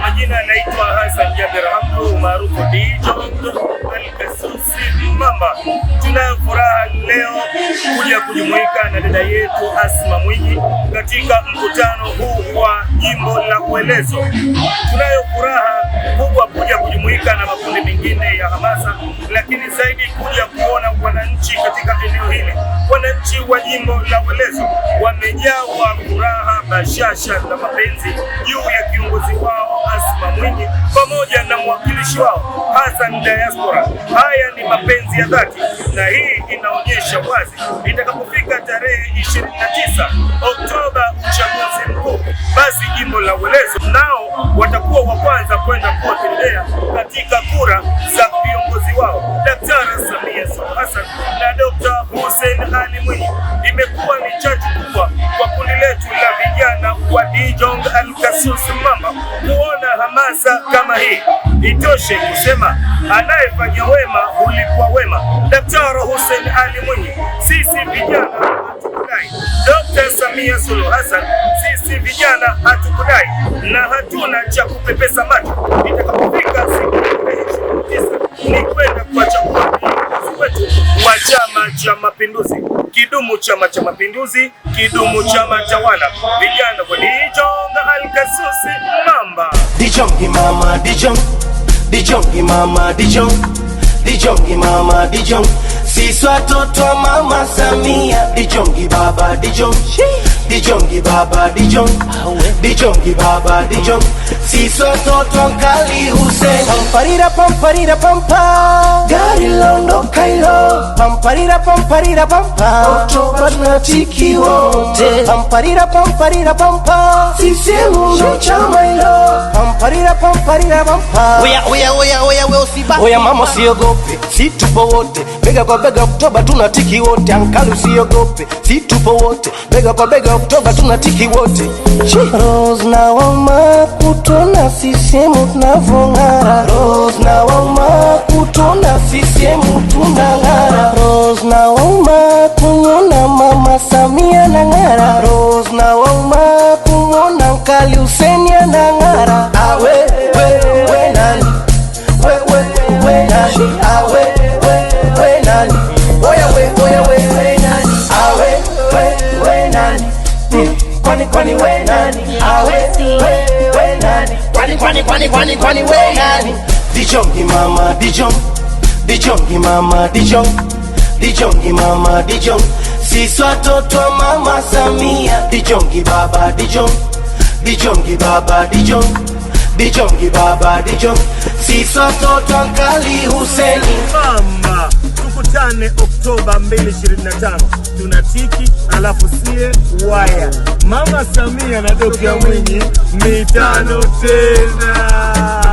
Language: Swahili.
Majina naitwa Hassan maarufu Al-Kasusi furaha leo kuja kujumuika na dada yetu Asma Mwinyi katika mkutano huu wa jimbo la Uelezo. Tunayo furaha kubwa kuja kujumuika na makundi mengine ya hamasa, lakini zaidi kuja wa jimbo la Welezo wamejawa furaha, bashasha na mapenzi juu ya kiongozi wao Asma Mwinyi pamoja na mwakilishi wao Hassan Diaspora. Haya ni mapenzi ya dhati, na hii inaonyesha wazi itakapofika tarehe 29 Oktoba basi jimbo la Welezo nao watakuwa wa kwanza kwenda kuwatembea katika kura za viongozi wao Daktari Samia Suluhu Hassan na Dr. Hussein Ali Mwinyi. Imekuwa ni chachu kubwa kwa kundi letu la vijana wa Dijong Alkasusi mama kuona hamasa kama hii. Itoshe kusema anayefanya wema hulipwa wema. Daktari Hussein Ali na hatuna cha kupepesa macho itakapofika siku tisa ni kwenda kwa chaguzi wetu wa Chama cha Mapinduzi. Kidumu Chama cha Mapinduzi, kidumu chama tawala. Vijana kwa walijonga halkasusi mamba dijongi mama dijong dijongi mama dijong dijongi mama dijong Siswa toto mama Samia dijongi baba dijong Dijongi baba dijong, dijongi baba dijong, sisi watoto nkali Hussein. Pamparira pamparira pampa, gari londo kailo. Pamparira pamparira pampa, Oktoba tunatiki wote. Pamparira pamparira pampa, sisi mundo chama pom pom Oya oya oya oya Oya mama usiogope, si tupo wote bega kwa bega, Oktoba tunatiki wote. Ankali usiogope, si tupo wote bega kwa bega, Oktoba tunatiki wote. Rose na wama kutona sisemu tunavong'ara, Rose na wama kutona sisemu tunang'ara kwani kwani kwani kwani we nani? Dijongi mama Dijong, Dijongi mama Dijong, Dijongi mama Dijong, sisi watoto mama Samia. Dijongi baba Dijong, Dijongi baba Dijong, Dijongi baba Dijong, sisi watoto Kali Huseni. Mama tukutane Oktoba 2025 tunatiki alafu sie waya Mama Samia na Dokta Mwinyi mitano tena.